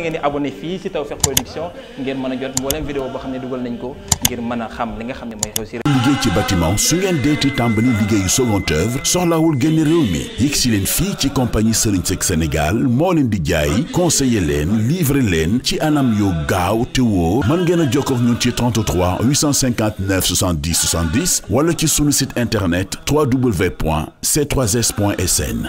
ngeen di abonné fii ci Tawfekh mën jot mboolem boo xam ne dugal nañ ko ngir mën a xam li nga xam ne mooy xew liggéey ci bâtiment su ngeen deeti tàmbali liggéeyu seconde œuvre soxlaawul génn réew mi fii ci compagnie Serigne Seck Sénégal moo leen di jaay conseiller leen livrer leen ci anam yoo gaaw te woo mën ngeen a jokkoo ak ñun ci 33 859 70 70 wala ci sunu site internet www.c3s.sn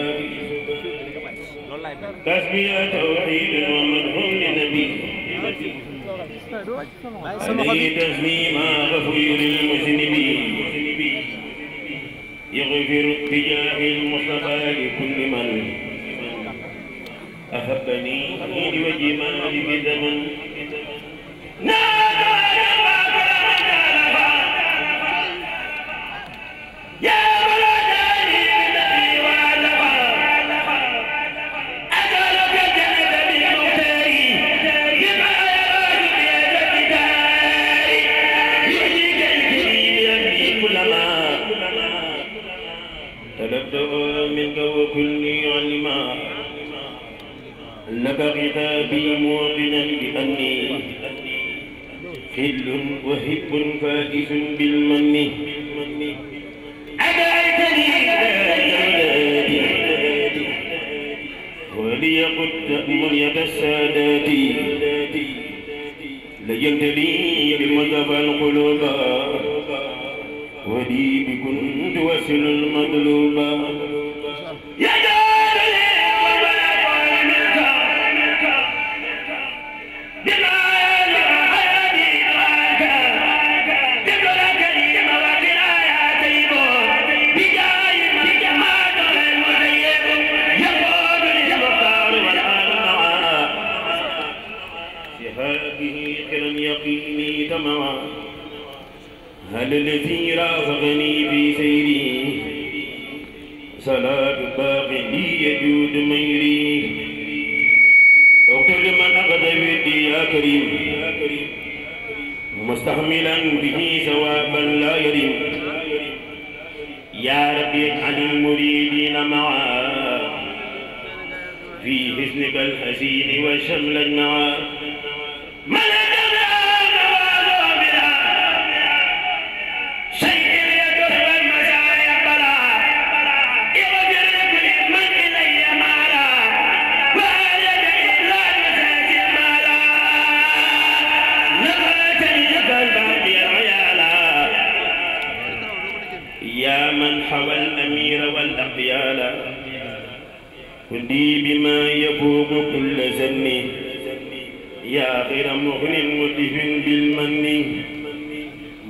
تسبيح توحيد ومدحوم لنبي عليه تسليما غفير المذنبين يغفر بجاه المصطفى لكل من أحبني لوجه مالك زمن نعم فنبدأ منك وكلني علما لك غتابي موقنا بأني خل وهب فائز بالمن وليقد تأمل يد السادات ليمتلي بمصطفى القلوب ولي بكنت وسل المطلوبة يا جماعة هل الذي رافقني في سيري صلاة باق لي يجود ميري وكل من أخذ بيدي يا كريم مستحملا به ثوابا لا يريم يا رب اجعل المريدين معا في حزنك الحزين وشملا معا ملاذ يا من حوى الأمير والأقيال ودي بما يفوق كل زن يا غير مغن مدف بالمن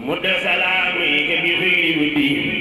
مد سلامك بخير ودي